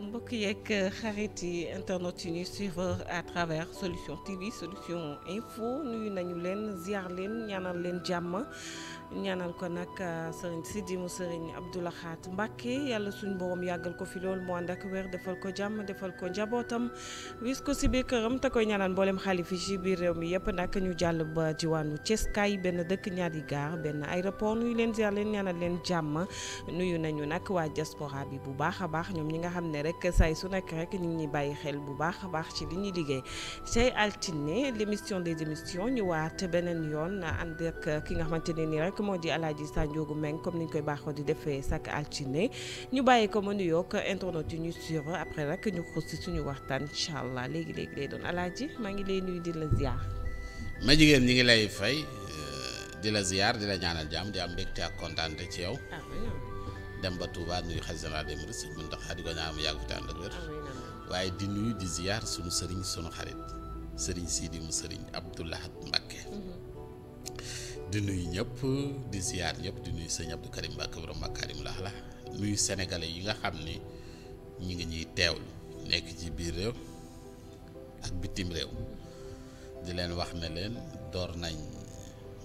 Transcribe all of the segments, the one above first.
mbokk yeeg euh, xarit yi internet yi ñuy suivre à travers solution TV solution info nuyu nañu leen ziar leen ñaanal leen jàmm. ñaanal ko nag euh, sëriñ Sidi mu sëriñ Abdoulahat mbakke yàlla suñ mboom yàggal ko fi loolu mu ànd weer defal ko jàmm defal ko njabootam wis ko si biir këram te koy ñaanal mboolem xalifa yi ci biir réew mi yëpp nag ñu jàll ba diwaanu Thiès kaay benn dëkk ñaari gaar benn aéroport nuyu leen ziar leen ñaanal leen jàmm nuyu nañu nag waa diaspora bi bu baax a baax ñoom ñi nga xam ne rek saay su nekk rek ñu ngi bàyyi xel bu baax a baax ci li ñuy liggéey tey altine des émissions ñu waat beneen yoon ànd ak ki nga xamante ne nii rek. nag moo di Alaaji Sanjoogu Meng comme niñ koy baaxoo di defee chaque altine ñu bàyyi ko ma nuyoo yokk internet yi ñu suivre après nag ñu xuus si suñu waxtaan incha allah léegi léegi lay doon Alaaji maa ngi lay nuyu di la ziar. ma jigéen ñi ngi lay fay euh, di la ziar di la ñaanal jaam di am mbégte ak kontaante ci yow. dem ba Touba nuyu xaj général des mourides sëñ di ko ñaan mu yàgg fi tànn ak waaye di nuyu di ziar sunu sëriñ sunu xarit sëriñ Sidi d sëriñ Abdoulahat Mbacké mhm. di nuyu ñëpp di ziar ñëpp di nuyu sëñ Abdou Karim Mbacke borom Makaarim laax la nuyu sénégalais yi nga xam ni ñi ngi ñuy teewlu nekk ci biir réew ak bitim réew di leen wax na leen door nañ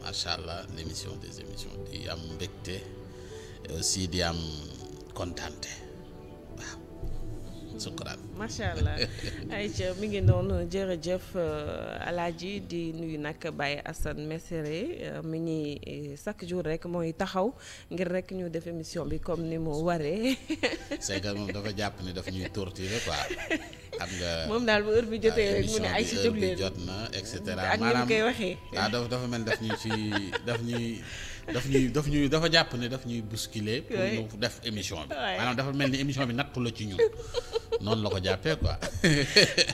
macha allah l'émission des émissions di am mbégte aussi di am kontante suqaraan macha allah ay ayca mi ngi noonu jërëjëf euh, alaaji di nuyu nag Baye Assane Mesere euh, mi ñuy euh, chaque jour rek mooy taxaw ngir rek ñu def émission bi comme ni mu waree. segal que moom dafa jàpp ni daf ñuy torturer quoi xam nga. moom daal bu heure bi jotee rek mu ne ay si jóg leen jot na et maanaam ak ni koy waxee. waaw dafa dafa mel daf ñuy ci daf ñuy. daf ñuy daf ñuy dafa jàpp ne daf ñuy bousculer pour ñu def émission bi maanaam dafa mel ni émission bi nattu la ci ñun noonu la ko jàppee quoi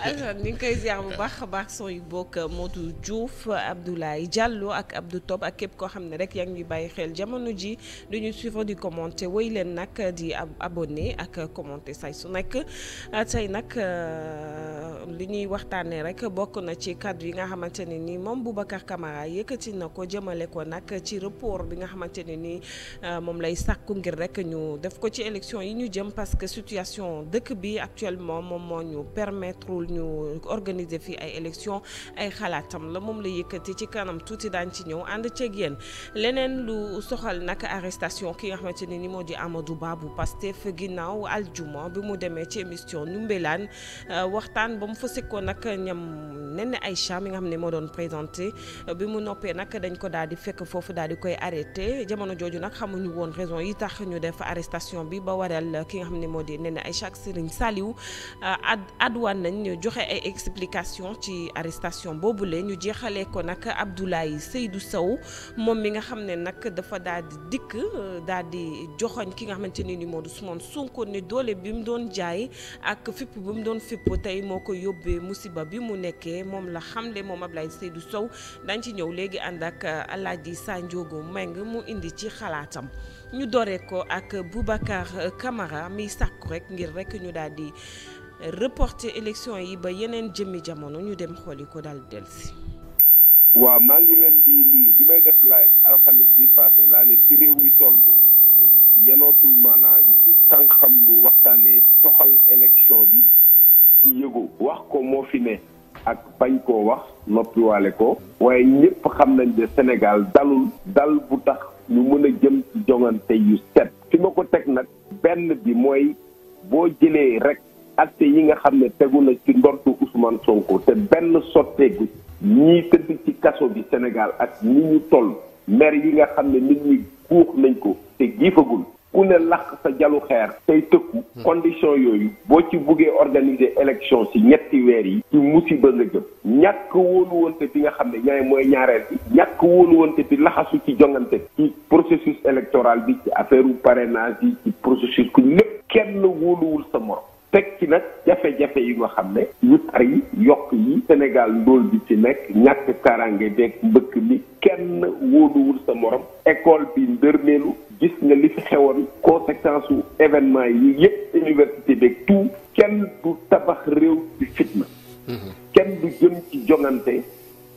Assane ñu ngi koy ziar bu baax a baax sooy bokk Modou Diouf Abdoulaye Diallo ak Abdou Top ak képp koo xam ne rek yaa ngi bàyyi xel jamono ji duñu suivre di commenter woy leen nag di abonné ak commenter say su nekk ah, tey nag euh, li ñuy waxtaanee rek bokk na ci kàddu yi nga xamante ne ni moom Boubacar Camara yëkkati na ko jëmale ko nag ci report rapport bi nga xamante ne ni euh, moom lay sàkku ngir rek ñu def ko ci élection yi ñu jëm parce que situation dëkk bi actuellement moom moo ñu permettre ñu organiser fi ay élection ay xalaatam la moom la yëkkati ci kanam tuuti daañ ci ñëw ànd ceeg yéen leneen lu soxal nag arrestation ki nga xamante ne ni moo di Amadou Ba bu Pastef ginnaaw aljuma bi mu demee ci émission ñu euh, waxtaan ba mu fa sekkoo nag ñam nenn Aïcha mi nga xam ne moo doon présenté bi mu arrêté jamono jooju nag xamuñu woon raison yi tax ñu def arrestation bi ba waral ki nga xam ne moo di Néné Aïcha ak Serigne Saliou euh, ad adwaan nañ joxe ay explication ci arrestation boobule ñu jeexalee ko nag Abdoulaye Seydou Sow moom mi nga xam ne nag dafa daal di dikk euh, daal di joxoñ ki nga xamante ni ni moo di Ousmane Sonko ne doole bi mu doon jaay ak fipp bi mu doon fipp tey moo ko yóbbee musiba bi mu nekkee moom la xam xamle moom Abdoulaye Seydou Sow dañ Mbengue mu indi ci xalaatam ñu doree ko ak Boubacar Camara miy sàkku rek ngir rekk ñu daal di reporter élection yi ba yeneen jëmmi jamono ñu dem xooli ko daal di dellusi. waaw maa ngi leen di nuyu bi may def live alxamis bi passé laa ne ci réew mi toll. Mhm. yenootul maanaa tànk xam lu waxtaanee toxal élection bi ci yëgoo wax ko moo fi ne. ak bañ koo wax noppiwaale ko waaye ñëpp xam nañ ne Sénégal dalul dal bu tax ñu mën a jëm ci joŋante yu set ki ma ko teg nag benn bi mooy boo jëlee rek acte yi nga xam ne tegu na ci ndortu Ousmane Sonko te benn sotteegu ñii tëdd ci kaso bi Sénégal ak ni ñu toll mer yi nga xam ne nit ñi guux nañ ko te giifagul ku ne lakk sa jalu xeer tey tëkku hmm. condition yooyu boo ci buggee organiser élection si ñetti weer yi ci musiba nga jëm ñàkk wóolu wante bi nga xam ne ñaay mooy ñaareel bi ñàkk wóolu wante bi laxasu ci jongante ci processus électoral bi ci affaire u parrainage yi ci processus ku lépp kenn wóoluwul sa morom teg ci nag jafe-jafe yi nga xam ne yu tar yi yokk yi Sénégal ndóol bi ci nekk ñàkk karange beeg mbëkk ni kenn wóoluwul sa morom école bi ndërmeelu gis nga li fi xewoon conséquence su événement yi yëpp université de tout kenn du tabax réew ci fitna. Mhm. kenn du jëm ci jongante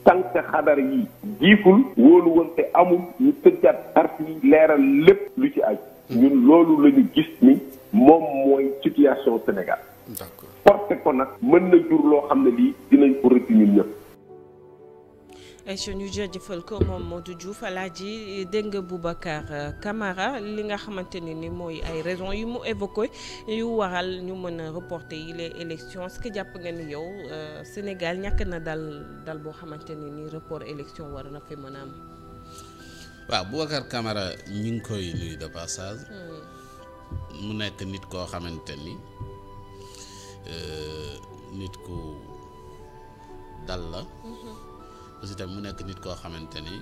tànk xadar yi jiiful wóolu wante amul ñu tëjaat arti leeral lépp lu ci aj mhm. ñun loolu lañu ñu gis ni moom mooy situation Sénégal. d'accord porte nag mën na jur loo xam ne lii dinañ ko rëcc ñun ñëpp. ci ñu jëjëfal ko moom Modou Diouf alaaji dégg nga Boubacar euh, Camara li nga xamante ne ni mooy ay raison yu mu évoqué yu waral ñu mën a reporter yi les élections est-ce jàpp nga ni yow euh, Sénégal ñàkk na dal dal boo xamante ne ni report élection war na fi mën a am. waaw Boubacar kamara ñu ngi koy nuyu de passage. Hmm. mu nekk nit koo xamante ni euh, nit ku dal la. Hmm. aussi tamit mu nekk nit koo xamante ni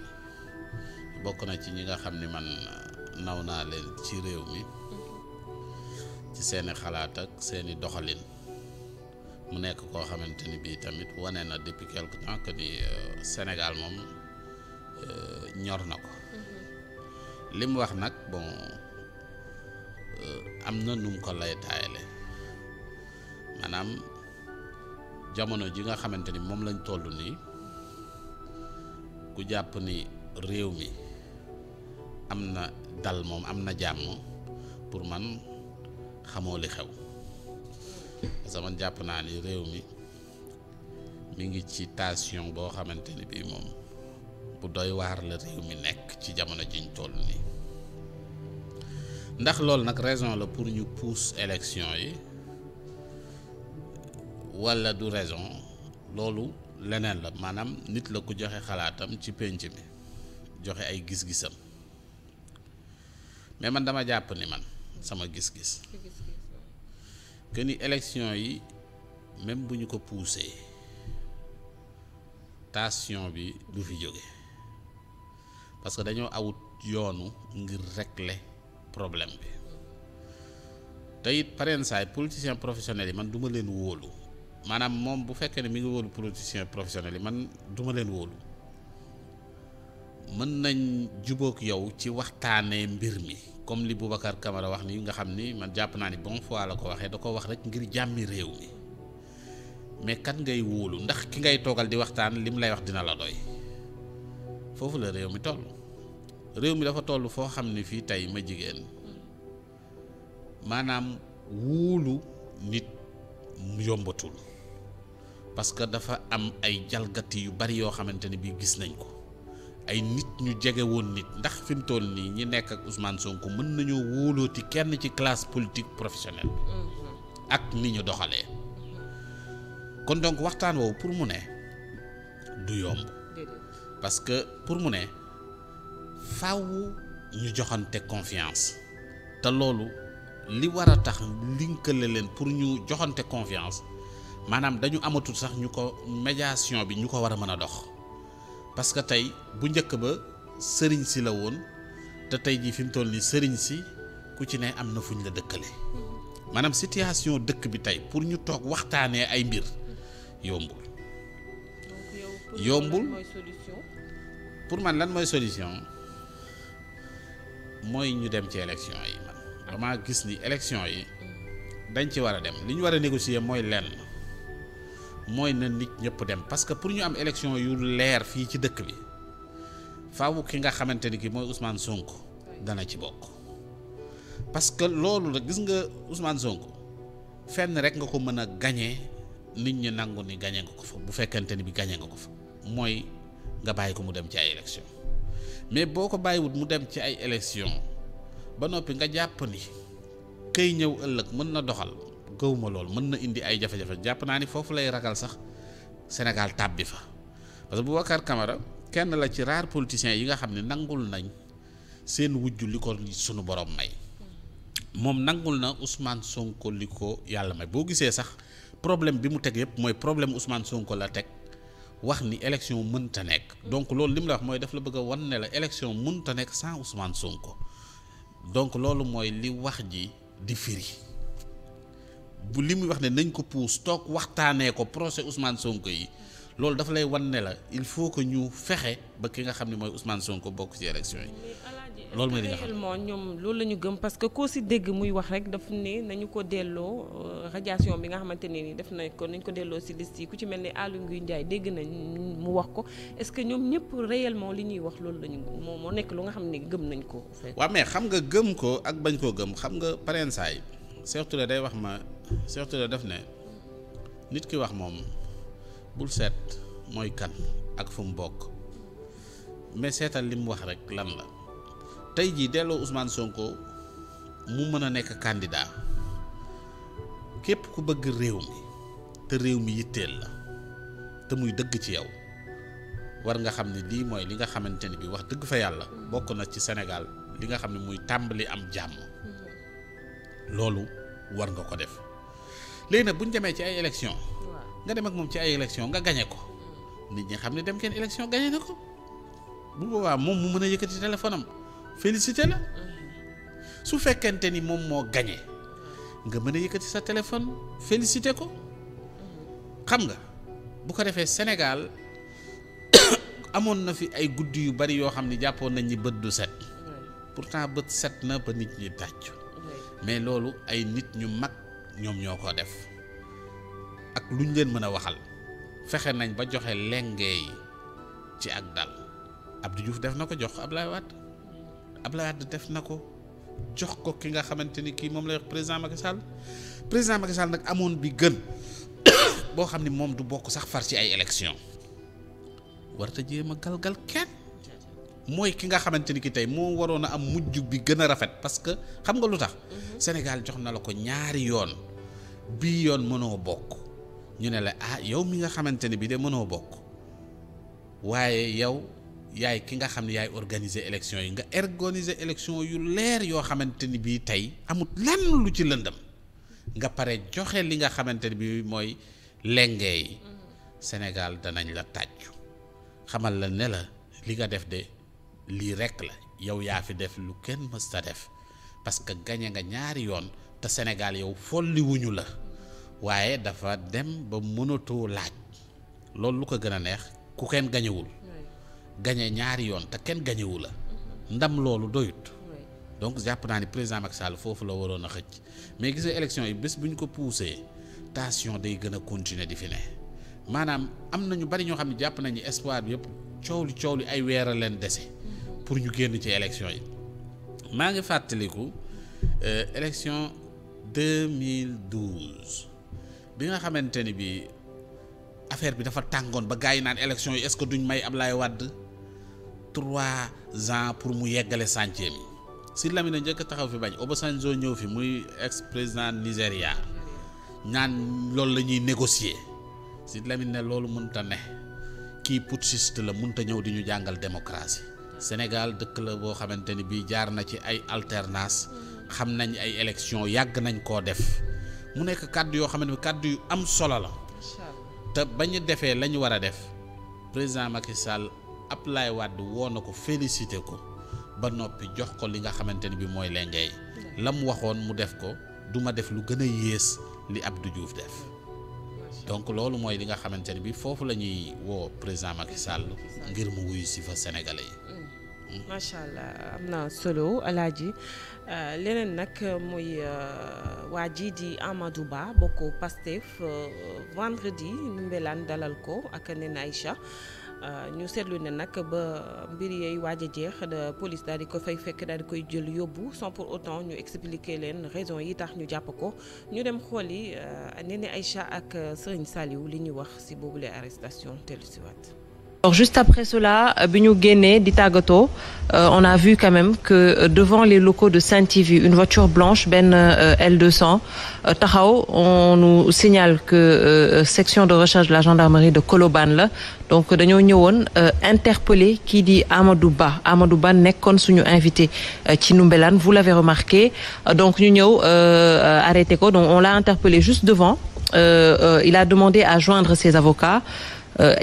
bokk na ci ñi nga xam ni man uh, naw naa leen ci réew mi mm-hmm. ci seeni xalaat ak seeni doxalin mu nekk koo xamante ni bii tamit wane na depuis quelque temps que ni uh, Sénégal moom uh, ñor na ko mm-hmm. li wax nag bon am na nu ko lay taayale maanaam jamono ji nga xamante ni moom lañ toll nii ku jàpp ni réew mi am na dal moom am na jàmm pour man xamoo li xew parce que man jàpp naa ni réew mi mu ngi ci tension boo xamante ni bii moom bu doy waar la réew mi nekk ci jamono jiñ toll nii ndax loolu nag raison la pour ñu pousse élection yi walla du raison loolu. leneen la maanaam nit la ku joxe xalaatam ci pénc mi joxe ay gis-gisam mais man dama jàpp ni man sama gis-gis que ni élection yi même bu ñu ko poussé tension bi du fi jóge parce que dañoo awut yoonu ngir régler problème bi te it pareen saay politiciens professionnels yi man duma leen wóolu maanaam moom bu fekkee ne mi ngi wóolu politicien professionnel yi man duma leen wóolu mën nañ jubook yow ci waxtaanee mbir mi comme li Boubacar Camara wax ni nga xam ni man jàpp naa ni bon fois la ko waxee da ko wax rek ngir jàmmi réew mi mais kat ngay wóolu ndax ki ngay toogal di waxtaan lim lay wax dina la doy foofu la réew mi toll réew mi dafa toll foo xam ni fii tey ma jigéen maanaam wóolu nit yombatul parce que dafa am ay jalgati yu bari yoo xamante ne bii gis nañ ko ay nit ñu jege woon nit ndax fi mu nii ñi nekk ak Ousmane Sonko mën nañoo wóolooti kenn ci classe politique professionnelle mm-hmm. ak ni ñu doxalee kon donc waxtaan woowu pour mu ne du yomb parce que pour mu ne faw ñu joxante confiance te loolu li war a tax linkale leen pour ñu joxante confiance maanaam dañu amatul sax ñu ko médiation bi ñu ko war a mën a dox parce que tey bu njëkk ba sëriñ si la woon te tey jii fi mu toll nii sëriñ si ku ci ne am na fu ñu la dëkkale maanaam situation dëkk bi tey pour ñu toog waxtaanee ay mbir yombul. yombul pour man lan mooy solution mooy ñu dem ci élection yi damaa gis ni élection yi dañ ci war a dem li ñu war a négocier mooy lenn. mooy na nit ñëpp dem parce que pour ñu am élection yu leer fii ci dëkk bi faaw ki nga xamante ni ki mooy Ousmane Sonko dana ci bokk parce que loolu na gis nga usmaan Sonko fenn rek nga ko mën a gañe nit ñi nangu ni gañe nga ko fa bu fekkente ni bi gañe nga ko fa mooy nga bàyyi ko mu dem ci ay élection mais boo ko bàyyiwut mu dem ci ay élection ba noppi nga jàpp ni kay ñëw ëllëg mën na doxal ma loolu mën na indi ay jafe-jafe jàpp naa ni foofu lay ragal sax Sénégal tàbbi fa parce que Boubacar Camara kenn la ci rares politiciens yi nga xam ne nangul nañ seen wujj li ko sunu borom may moom nangul na Ousmane Sonko li ko yàlla may boo gisee sax problème bi mu teg yëpp mooy problème Ousmane Sonko la teg wax ni élection mënta nekk donc loolu li mu la wax mooy daf la bëgg wan ne la élection mënta nekk san Ousmane Sonko donc loolu mooy li wax ji bu li muy wax ne nañ ko puus toog waxtaanee ko procès Ousmane sonk yi loolu dafa lay wan ne la il faut que ñu fexe ba ki nga xam ne mooy Ousmane Sonko bokk ci élection yi. loolu mooy li ñoom loolu la ñu gëm parce que koo si dégg muy wax rek daf ne nañu ko delloo euh, radiation bi nga xamante ne ni def nañ ko nañ ko delloo si liste yi ku ci mel ni Aly Ngouille Ndiaye dégg nañ mu wax ko est-ce que ñoom ñëpp réellement li ñuy wax loolu lañu ñu moom moo nekk lu nga xam ne gëm nañ ko. waaw mais xam nga gëm ko ak bañ koo gëm xam nga parrainage Cheikh day wax ma. Cheikh def ne nit ki wax moom bul seet mooy kan ak fu mu bokk mais seetal li mu wax rek lan la tey jii delloo usmaan Sonko mu mën a nekk kàndidaa képp ku bëgg réew mi te réew mi yitteel la te muy dëgg ci yow war nga xam ne lii mooy li nga xamante ni bi wax dëgg fa yàlla bokk na ci senegal li nga xam ne muy tàmbali am jàmm mm-hmm. loolu war nga ko def léegi nag bu ñu demee ci ay élection nga dem ak moom ci ay élection nga gañe ko mm. nit ñi xam ne dem kenn élection gañe na ko bu boobaa moom mu mën a yëkkati téléphone am félicité la mm. su fekkente ni moom moo gañe nga mën a yëkkati sa téléphone félicité ko mm. xam nga bu ko defee Sénégal amoon na fi ay guddi yu bari yoo xam ne jàppoon nañ ni bët du set pourtant bët set na ba nit ñi tàcc mais loolu ay nit ñu mag ñoom ñoo ko def ak lu ñu leen mën a waxal fexe nañ ba joxe lenge yi ci ak dal Abdou Diouf def na ko jox ko Ablaye Wade Ablaye Wade def na ko jox ko ki nga xamante ni kii moom lay wax président Macky président Macky nag amoon bi gën boo xam ni moom du bokk sax far ci ay élection warta jéem a galgal kenn mooy ki nga xamante ni ki tey moo waroon a am mujj bi gën a rafet parce que xam nga lu tax mm-hmm. Sénégal jox na la ko ñaari yoon bii yoon mënoo bokk ñu ne la ah yow mi nga xamante ne bii de mënoo bokk waaye yow yaay ki nga xam ne yaay organiser élection yi nga organiser élection yu leer yoo xamante ni bii tey amut lan lu ci lëndam nga pare joxe li nga xamante ne bii mooy lenge yi Sénégal danañ la tàccu xamal la ne la li nga def de lii rekk la yow yaa fi def lu kenn mës ta def parce que gañe nga ñaari yoon. te Sénégal yow folliwuñu la waaye dafa dem ba mënatoo laaj loolu lu ko gën a neex ku kenn gañewul gañe ñaari yoon te kenn gañewu la mm-hmm. ndam loolu doyut donc jàpp naa ni président Macky Sall foofu la waroon a xëcc mais gis nga yi bés bu ko poussé tension day gën a continuer di fi maanaam am na ñu ñoo xam jàpp nañu espoir bi yëpp coow li coow li ay weer a leen dese pour ñu génn ci yi maa ngi fàttaliku euh, élection 2012 bi nga xamante ni bi affaire bi dafa tàngoon ba gars yi naan élection yi est-ce que duñ may Ablaye Wade trois ans pour mu yeggale chantier bi Sidy Lamine njëkk taxaw fi bañ Obasanjo ñëw fi muy ex président Nigéria ñaan loolu la ñuy négocier Sidy Lamine ne loolu mënta ne kii putschiste la mënta ñëw di ñu jàngal démocratie Sénégal dëkk la boo xamante ni bii jaar na ci ay alternance xam nañ ay élection yàgg nañ koo def mu nekk kàddu yoo xamante ne kàddu yu am solo la te ba ñu defee la ñu war a def président Macky Sall Abdoulaye Wade woo na ko félicité ko ba noppi jox ko li nga xamante ne bi mooy lengee la mu waxoon mu def ko duma def lu gën a yées li Abdou Diouf def mm. donc loolu mooy li nga xamante ne bi foofu la ñuy woo président Macky Sall ngir mu wuyu si fa sénégalais yi macha allah am na solo alaaji euh, leneen nag muy euh, waa ji di Amadou Ba bokk Pastef euh, vendredi Ndoumbelane dalal ko ak nen Aïcha ñu seetlu ne nag ba mbir yeey waaj a jeex da police daal di ko fay fekk daal di koy jël yóbbu sans pour autant ñu expliquer leen raison yi tax ñu jàpp ko ñu dem xool yi Néné Aïcha ak Serigne Saliou li ñuy wax ci boobule arrestation tellu si waat alors juste après cela euh, bi ñu génnee di tàggatoo euh, on a vu quand même que euh, devant les locaux de Sen TV une voiture blanche benn L200 taxaw on nous signale que section de recherche de la gendarmerie de Colobane la donc dañoo ñëwoon interpeller kii di Amadou Ba Amadou Ba nekkoon suñu invité ci Ndoumbélane vous l'avez remarqué donc ñu ñëw arrêté ko donc on l'a interpellé juste devant il a demandé à joindre ses avocats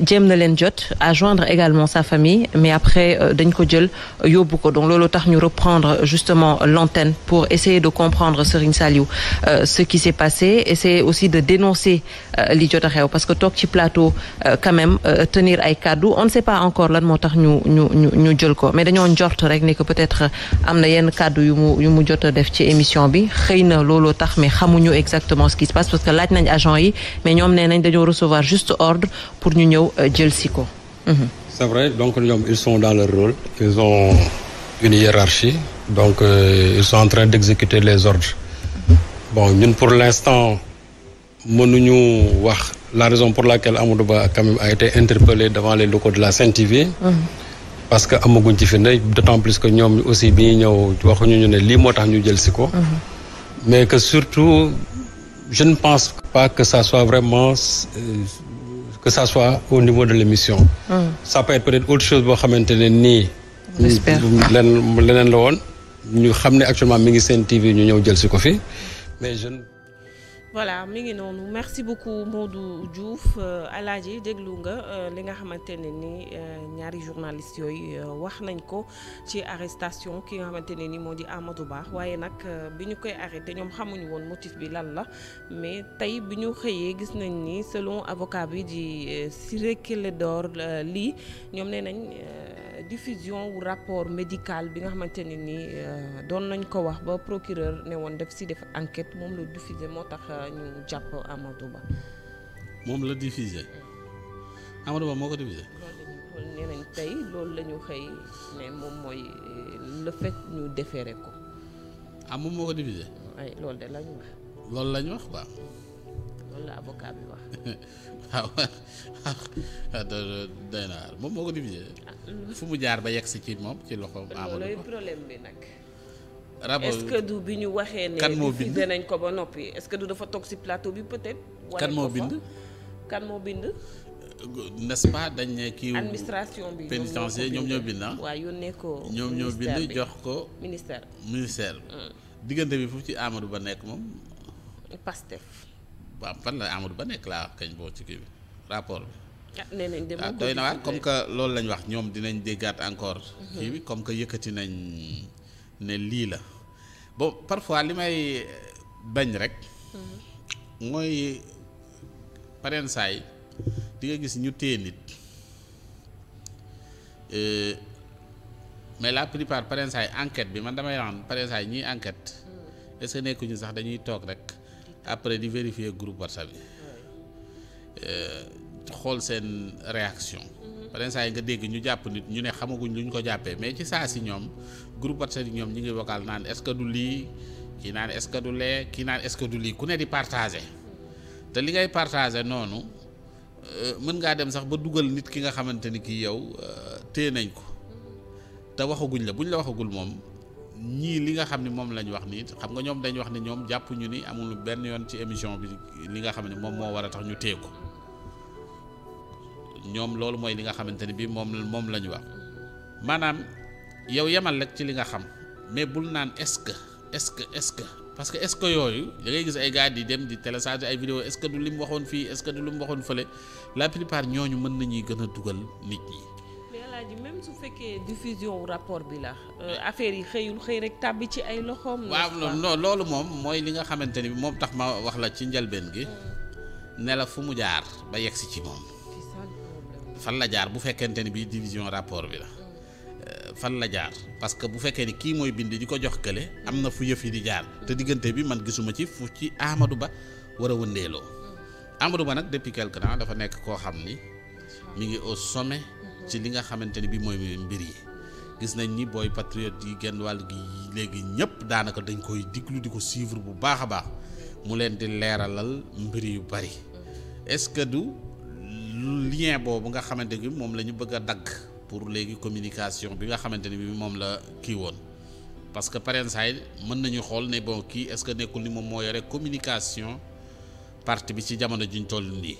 jéem na leen jot à joindre également sa famille mais après euh, dañ ko jël euh, yóbbu ko donc loolu tax ñu reprendre justement l'antenne pour essayer de comprendre Serigne Saliou euh, ce qui s'est passé essayer aussi de dénoncer li jot a xew parce que toog ci plateau quand même tenir ay kàddu on ne sait pas encore lan moo tax ñu ñu ñu ñu jël ko mais dañoo njort rek ne que peut-être am na yenn kàddu yu mu yu mu jot a def ci émission bi xëy na looloo tax mais xamuñu exactement ce parce que laaj nañ agent yi mais ñoom nee ñu ñëw euh, jël si ko. Mhm. c'est vrai donc ñoom ils sont dans leur rôle. ils ont une hiérarchie. donc euh, ils sont en ñun pour l'instant mënuñu wax la raison pour laquelle Amadou Ba quand a été interpellé devant les locaux de la SenTV. Mhm. parce que amaguñ ci fi ne ñoom aussi bi ñu ñëw waxuñu ñu ne lii moo tax ñu jël ko. Mhm. mais que surtout je ne pense pas que ça soit vraiment. Euh, que ça soit au niveau de l'émission ça peut être peut-être autre chose boo xamante ne nii leneen la woon ñu xam ne actuellement mi ngi seen TV ñu ñëw jël si ko fi mais je voilà mi ngi noonu merci moo du Modou Diouf euh, Alaaji déglu nga euh, li nga xamante ne ni euh, ñaari journaliste yooyu wax nañ ko ci arrestation ki nga xamante ne ni moo di Amadou baax waaye nag bi ñu koy arrêté ñoom xamuñu woon motif bi lan la mais tey bi ñu xëyee gis nañ ni selon avocat bi di Ciré Clédor Ly ñoom nee nañ diffusion wu rapport médical bi nga xamante ne ni doon nañ ko wax ba procureur ne woon def si def enquête moom la diffusé moo tax. ñu jàpp Amadou Ba. moom la diffusé Amadou Ba moo ko diffusé. loolu tey loolu lañu xëy ne moom mooy euh, le fait ñu déféré ko. ah moom moo ko diffusé. ay loolu de lañu wax. loolu lañu wax waaw. loolu la avocat bi wax. Ah, waaw ah, doy na moom moo ko diffusé. Ah, fu mu jaar ba yegg si ci moom ci loxo. Amadou Ba loolu problème bi nag. Raba est-ce que du bi ñu waxee ne. kan moo bind nañ ko ba noppi est que du dafa toog ci plateau bi peut kan moo bind kan euh, bind. n'est-ce dañ ne kii. administration bi pénitentiaire ñoom ñoo bind ah. waaw yónnee ko ñoom ñoo bind jox ko. ministère ministère. Mm. diggante bi foofu ci Amadou Ba nekk moom. Pastef. waaw fan la Amadou Ba nekk laa kañ boo ci kii bi rapport bi. ah, ah doy na waar comme que loolu lañ wax ñoom dinañ déggaat encore. Mm-hmm. kii bi comme que yëkkati nañ. ne lii la bon parfois li may euh, bañ rek. Mm-hmm. mooy pareen saay di nga gis ñu téye nit euh, mais la plupart pareen saay enquête bi man damay naan pareen saay ñiy enquête mm. est ce nekkuñu sax dañuy toog rek après di vérifier groupe WhatsApp bi euh, xool seen réaction. Mm-hmm. beneen saa yi nga dégg ñu jàpp nit ñu ne xamaguñ luñ ko jàppee mais ci saa si ñoom groupe WhatsApp yi ñoom ñu ngi vocal naan est-ce que du lii kii naan est-ce que lee kii naan est-ce que lii ku ne di partagé te li ngay partagé noonu euh, mën ngaa dem sax ba dugal nit ki nga xamante ni kii yow euh, tee nañ ko te waxaguñ la bu buñ la waxagul moom. ñii li nga xam ne moom lañ wax nii xam nga ñoom dañ wax ne ñoom jàppuñu ni amul benn yoon ci émission bi li nga xam ne moom moo war a tax ñu téye ko ñoom loolu mooy li nga xamante ni bii moom moom la ñu wax maanaam yow yemal rek ci li nga xam mais bul naan est-ce que est-ce que est-ce que parce que est-ce yooyu da ngay gis ay dem di télécharger ay vidéo est-ce que du li mu waxoon fii est-ce que du li mu waxoon fële la plupart ñooñu mën nañuy gën a dugal nit ñi. mais même su fekkee diffusion wu rapport bi la euh, affaire yi xëyul xëy rek tàbbi ci ay loxoom. waaw loolu moom mooy li nga xamante ni moom tax ma wax la ci njalbeen gi. Mm. ne la fu mu jaar ba yegg si ci moom. fan la jaar bu fekkente ni bii division rapport bi la euh, fan la jaar parce que bu fekkee ni kii mooy bind di ko jox kële am na fu yëf yi di jaar te diggante bi man gisuma ci fu ci Amadou Ba war a wëndeeloo Ba nag depuis dafa nekk koo xam ni mi ngi au sommet ci li nga xamante ni bii mooy mbir yi gis nañ ni booy patriote yi genn wàll gi léegi ñëpp daanaka dañ koy diglu di ko suivre bu baax a baax mu leen di leeralal mbir yu bari est lien boobu nga xamante ni moom la ñu bëgg a dagg pour léegi communication bi nga xamante ni bi moom la kii woon parce que parensaay mën nañu xool ne boo kii est-ce que nekkul ni moom moo yore communication parti bi ci jamono juñ toll nii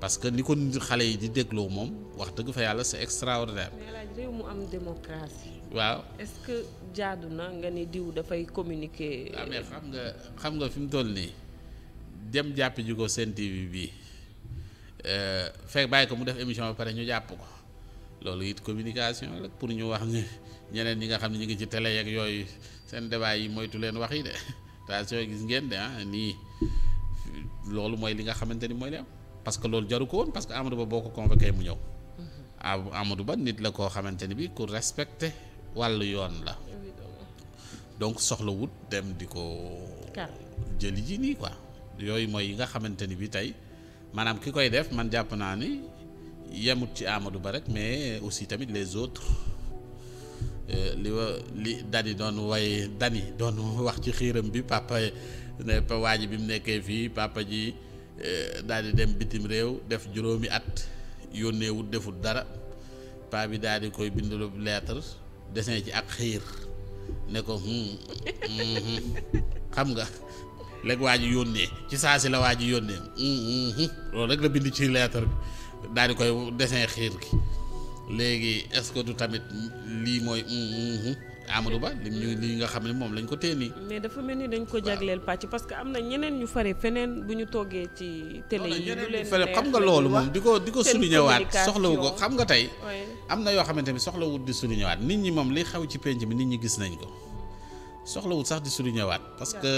parce que ni ko xale yi di dégloo moom wax dëgg fa yàlla c'est extraordinaire. réew am démocratie. waaw est-ce jaadu na nga ni diw dafay communiquer. waaw ah, xam nga xam nga fi mu toll nii dem jàppi ji ko seen TV bii. Euh, fekk bàyyi ko mu def émission ba pare ñu jàpp ko loolu it communication la pour ñu wax ñu ñeneen ñi nga xam ne ñu ngi ci télé yeeg yooyu seen débat yi moytu leen wax yi de attention gis ngeen de ah, nii loolu mooy li nga xamante ni mooy li am parce que loolu jaru ko woon parce que Amadou Ba boo ko convoqué mu ñëw. Mm-hmm. Amadou Ba nit la koo xamante ni bii ku respecté wàllu yoon la. donc soxla wut dem di ko. jëli ji nii quoi yooyu mooy yi nga xamante ni bii tey. maanaam ki koy def man jàpp naa ni yemut ci Amadou Ba rek mais aussi tamit les autres euh, li wa li dani doon way dani doon wax ci xiiram bi papa ne pa bi mu nekkee fii papa ji euh, daal di dem bitim réew def juróomi at yónneewut deful dara paa bi daal di koy bindalu lettre dessin ci ak xiir ne ko hmm, hmm, hmm, xam nga léegi waa ji yónnee ci saa si la waa ji yónnee mm-hmm. loolu rek la bind ci lettre bi daal di koy desin xiir gi léegi est tamit lii mooy mm-hmm. Amadou Ba lim ñu li nga xam ne moom lañ ko téye mais dafa mel ni dañ ko jagleel pàcc parce que am na ñeneen ñu fare feneen bu ñu toogee ci. télé yi du leen xam nga loolu moom di ko di ko souligné waat soxlawu ko xam nga tey. am na yoo xamante ni soxlawut di souligné nit ñi moom li xaw ci penc bi nit ñi gis nañ ko. soxlawul sax di suñu ñëwaat parce que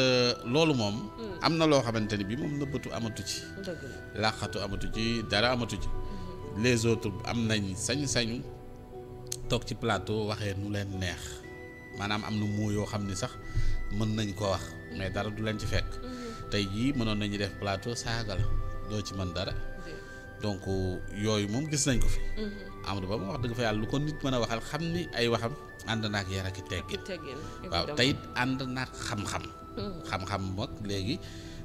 loolu moom hmm. am na loo xamante ni bi moom nëbbatu amatu ci làqatu amatu ci dara amatu ci hmm. les autres am nañ sañ-sañu toog ci plateau waxee nu leen neex maanaam am na mu yoo xam ni sax mën nañ ko wax mais dara du leen ci fekk hmm. tey jii mënoon nañu def plateau saagal la doo ci mën dara donc yooyu moom gis nañ ko fi Amadou Ba ma wax dëgg fa yàlla lu ko nit mën a waxal xam ni ay waxam ànd naak yar ak teggin waaw teyit ànd naak xam-xam xam léegi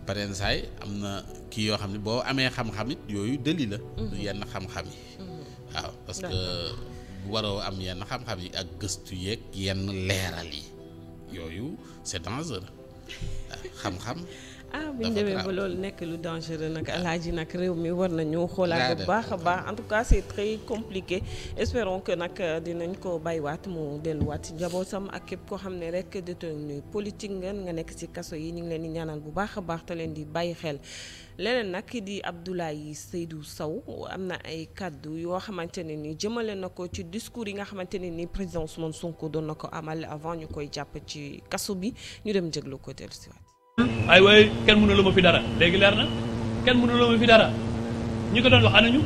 pareen am na kii yoo xam ne boo amee xam-xamit yooyu dëli la mhm. yenn xam-xam yi mhm. waaw parce que waroo am yenn xam-xam yi ak gëstu yeeg yenn leeral yi yooyu c'est dangereux waaw xam-xam ah bi ñu demee ba loolu nekk lu dangereux nag alaaji nag réew mi war na nañu xoolaat bu baax a baax en tout cas c'est très compliqué espérons que nag euh, dinañ ko bàyyiwaat mu delluwaat ci njabootam ak képp koo xam ne rek détenu politique ngeen nga nekk ci kaso yi ñu ngi leen di ñaanal bu baax a baax te leen di bàyyi xel leneen nag di yi Seydou saw am na ay kàddu yoo xamante ne ni jëmale na ko ci discours yi nga xamante ne ni président Ousmane Sonko doon na ko amal avant ñu koy jàpp ci kaso bi ñu dem jéglu ko ay waaye kenn mënu la ma fi dara léegi leer na kenn mënu la fi dara ñi ko doon wax anañu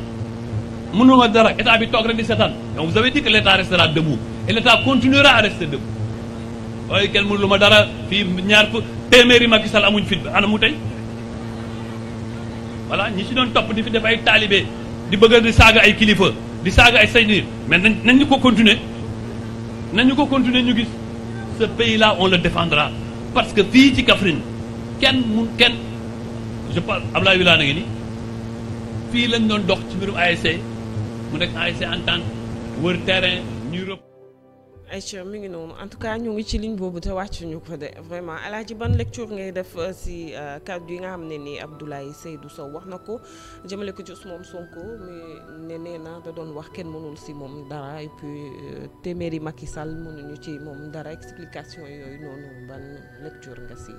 mënu ma dara état bi toog rek di seetaan donc vous avez dit que l' état restera debout et l' état continuera à rester waaye kenn mënu lu ma dara fii ñaar fa téeméeri ma gisal amuñ fi ana mu tey voilà ñi ci doon topp di fi def ay taalibe di bëgg di saaga ay kilifa di saaga ay say nit mais nañ nañu ko continuer nañu ko continuer ñu gis ce pays là on le défendra parce que fii ci Kaffrine kenn mun kenn je parle na ngi ni fii lañ dox ci mbirum ASC mu nekk ASC entente wër terrain ñuy rëpp ayca mi ngi noonu en tout cas ñu ngi ci ligne boobu te wàccuñu ko de vraiment alaaji ban lecture ngay def euh, si euh, kàddu yi nga xam ne nii ni Abdoulaye Seydou Sow wax na ko jëmale ko ci Ousmane Sonko mu ne nee na da doon wax kenn mënul si moom dara et puis euh, téeméeri Macky Sall mënuñu ci moom dara explication yooyu noonu ban lecture nga si.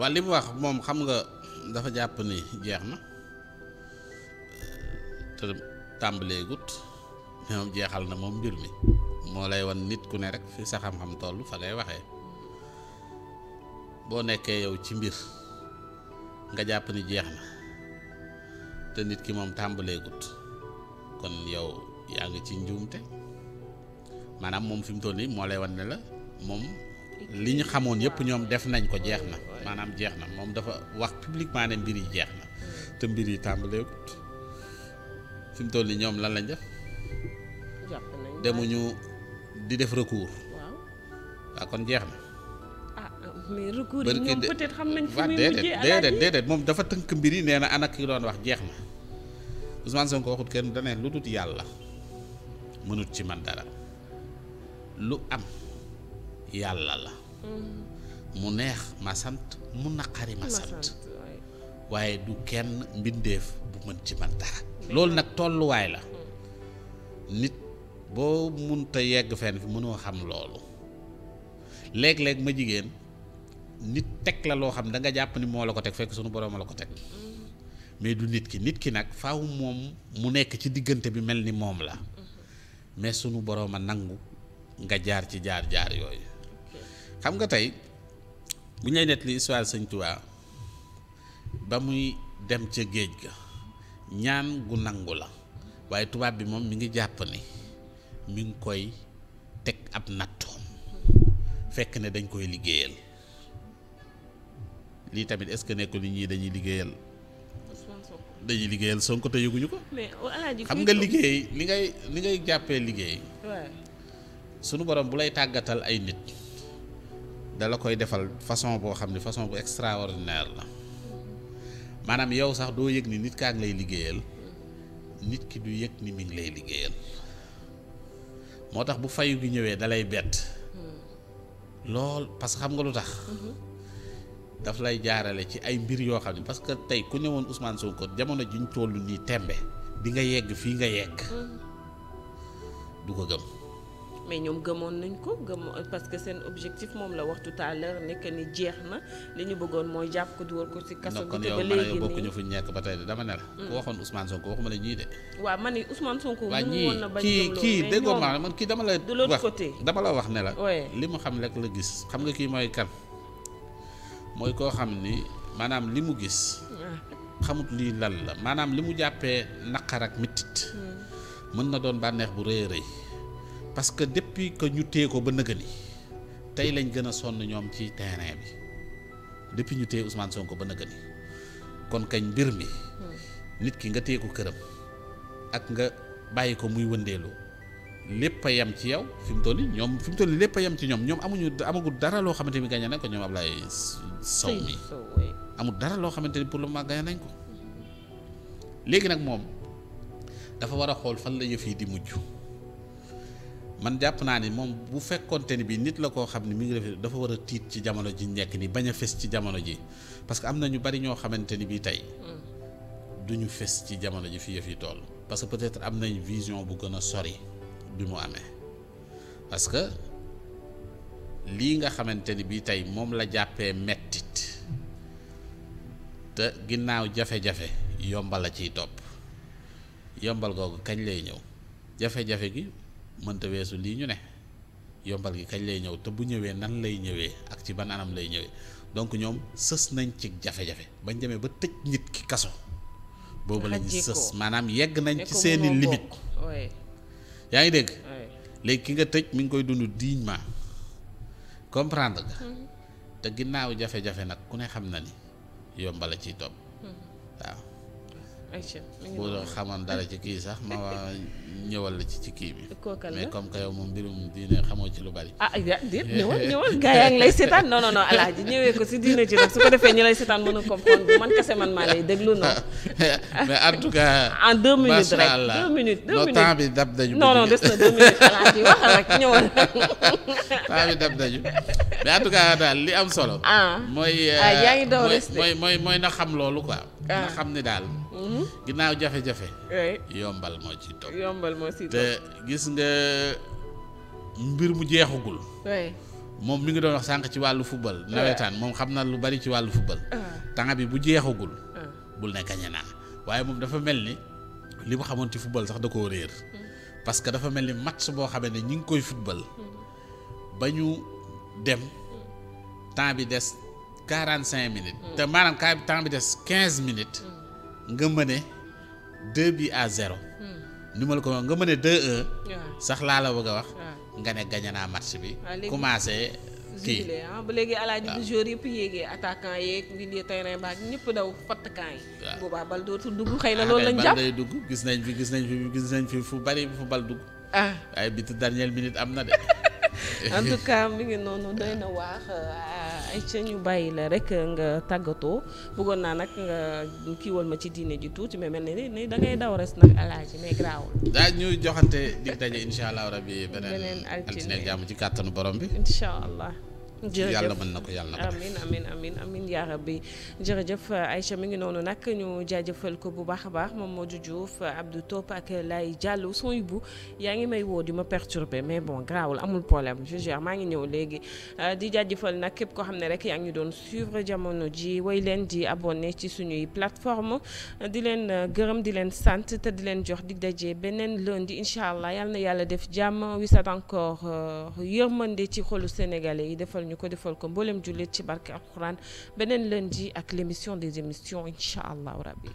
waaw li mu wax moom xam nga dafa jàpp ni jeex na te tàmbalee gut moom jeexal na moom mbir mi moo lay wan nit ku ne rek fi sa xam-xam toll fa ngay waxee boo nekkee yow ci mbir nga jàpp ni jeex na te nit ki moom tàmbalee gut kon yow yaa ngi ci njuumte maanaam moom fi toll nii moo lay wan ne la moom. li xamoon yépp ñoom def nañ ko jeex na maanaam jeex na moom dafa wax publiquement ne mbir yi jeex na te mbir yi tàmbaleekut fi mu toll nii ñoom lan lañ def demuñu di def recours waaw ah, kon jeex na. Ah, mais recours yi xam nañ moom dafa tënk mbir yi nee na ana ki doon wax jeex na Ousmane Sonko waxut kenn daneen lu dut yàlla mënut ci man dara lu am. yàlla la mm-hmm. mu neex masant sant mu naqari ma waaye du kenn mbindeef bu mën ci man dara loolu nag tolluwaay la mm-hmm. nit boo munta yegg fenn fi mënoo xam loolu léeg-léeg ma jigéen nit teg la loo xam da jàpp ni moo la ko teg fekk sunu borom la ko teg mm-hmm. mais du nit ki nit ki nag faw moom mu nekk ci diggante bi mel ni moom la mais sunu borom a nangu nga jaar ci jaar jaar yooyu xam nga tey bu ñu lay nettali histoire sëñ Tuubaa ba muy dem ca géej ga ñaan gu nangu la waaye tubaab bi moom mi ngi jàpp ni mi ngi koy teg ab nattoom fekk ne dañ koy liggéeyal lii tamit est-ce que nekkul nit ñi dañuy liggéeyal dañuy liggéeyal Sonko te yëguñu ko oh, xam nga liggéey li ngay li ngay jàppee liggéey sunu borom bu lay tàggatal ay nit dala koy defal façon boo xam ne façon bu extraordinaire la maanaam yow sax doo yëg ni nit kaa ngi lay liggéeyal nit ki du yëg ni mi lay liggéeyal moo tax bu fayu gi ñëwee dalay bett lool parce que xam nga lu tax mm-hmm. daf lay jaarale ci ay mbir yoo xam ne parce que tey ku ñëwoon Ousmane Sonko jamono juñ toll nii tembe di nga yegg fii nga yegg mm-hmm. du ko gëm mais ñoom gëmoon nañ ko gëmoon parce que seen objectif moom la wax tout à nekk ni jeex na li ñu bëggoon mooy jàpp ko dugal ko ci kaso bi te ba léegi nii fu ñu nekk ba tey dama ne la ku mm. waxoon Ousmane Sonko waxuma la ñii de waaw man ni Ousmane Sonko mënu woon na bañ kii kii déggoo man kii dama la de l'autre dama la wax ne la li mu xam rek la gis xam nga kii mooy kan mooy koo xam ni maanaam li mu gis ah. xamut lii lan la maanaam li mu jàppee naqar ak mitit mm. mën na doon bànneex bu rëy a rëy parce que depuis que ñu téye ko ba nëgëni tey lañ gën a sonn ñoom ci terrain bi depuis ñu téye Ousmane ko ba nëgëni kon kañ mbir mi hmm. nit ki nga téye ko këram ak nga bàyyi ko muy wëndeelu lépp a yem ci yow fi mu toll ñoom fi mu toll lépp a yem ci ñoom ñoom amuñu amagul dara loo xamante ni gagné nañ ko ñoom Ablaye Sow mi amul dara loo xamante ni pour le moment gagné nañ ko hmm. léegi nag moom dafa war a xool fan la yëf di mujj. man jàpp naa ne moom bu fekkonte ni bii nit la koo xam ne mu ngi def dafa war a tiit ci jamono ji nekk ni bañ a fes ci jamono ji parce que am na ñu bari ñoo xamante ni bii tey mm. du ñu ci jamono ji fi yëf yi toll parce que peut-être am nañ vision bu gën a sori bi mu amee parce que lii nga xamante ni bii tey moom la jàppee mettit te ginnaaw jafe-jafe yombal la ciy topp yombal googu kañ lay ñëw jafe-jafe gi mënta weesu lii ñu ne yombal gi kañ lay ñëw te bu ñëwee nan lay ñëwee ak ci banaanam lay ñëwee donc ñoom sës nañ ci jafe-jafe bañ demee ba tëj nit ki kaso boobu lañ sës maanaam yegg nañ ci seeni limite yaa ngi dégg léegi ki nga tëj mi ngi koy dund dignement comprendre nga mm-hmm. te ginnaaw jafe-jafe nag ku ne xam na ni yombala ciy topp boo doon xamoon dara ci kii sax ma ñëwal la ci ci kii bi. mais comme que yow moom mbirum diine xamoo ci lu bari. ah, ah, ah déet ñëwal ñëwal gars yaa ngi lay seetaan non non non alaaji ñëwee ko si diine ci rek su ko defee ñu lay seetaan mën a comprendre man kese man maa lay déglu noonu. mais en tout cas. rek ñëwal. temps daal li am solo. ah mooy ah, yaa ngi euh, doon resté mooy mooy na xam loolu quoi. nga ah. xam ni daal mm-hmm. ginnaaw jafe-jafe yombal moo ci topp te gis nga mbir mu jeexagul moom mi ngi doon wax sànq ci wàllu football nawetaan moom xam na lu bari ci wàllu football ah. temps bi bu jeexagul ah. bul ne gañe waaye moom dafa mel ni li mu xamoon ci football sax da koo réer mm. parce que dafa mel ni match boo xamee ne ñu ngi koy football mm. ba ñu dem mm. temps bi des quarante cinq minutes. te maanaam kaa temps bi des quinze minutes. nga mëne deux bi à zéro. ni ma la ko nga mëne deux heures. sax laa la bëgg a wax. nga ne gagné naa match bi. Ah, commencé kii ah, ba léegi alaaji ah. bu joueur yëpp yéegee attaquant yeeg milieu terrain baa ñëpp daw fattkaan yi. boobaa bal dootul dugg xëy na loolu lañ jàpp dugg gis nañ fi gis nañ fi gis nañ fi fu bari fu bal dugg. ah waaye bitu dernière minute am na de. en tout cas mi ngi noonu doy na waax euh, ay ca ñu bàyyi la rek nga tàggatoo bëggoon naa nag nga kiiwal ma ci diine ji tuuti mais mel na ni da ngay daw res nag alaaji mais garaawul. daa ñu joxante dig daje incha allah rabi beneen. beneen altine altine jàmm ci kàttanu borom bi. incha allah. jërëjëf yàlla mën na ko yàlla na ko amiin amiin amiin amiin yaa rabbi jërëjëf Aïcha mi ngi noonu nag ñu jaajëfal ko bu baax a baax moom Modou Diouf Abdou Top ak Lay Diallo sooy bu yaa ngi may woo di ma perturber mais bon garaawul amul problème je gère maa ngi ñëw léegi euh, di jaajëfal nag képp koo xam ne rek yaa ngi ñu doon suivre jamono ji way leen di abonné ci suñuy plateforme di leen euh, gërëm di leen sant te di leen jox dig daje beneen lundi incha allah yàlla na yàlla def jàmm wisat encore euh, yërmande ci xolu sénégalais yi defal ñu ko defal ko mboolem jullit ci barke alxuraan beneen lundi ak l' émission des émissions incha allahu rabbi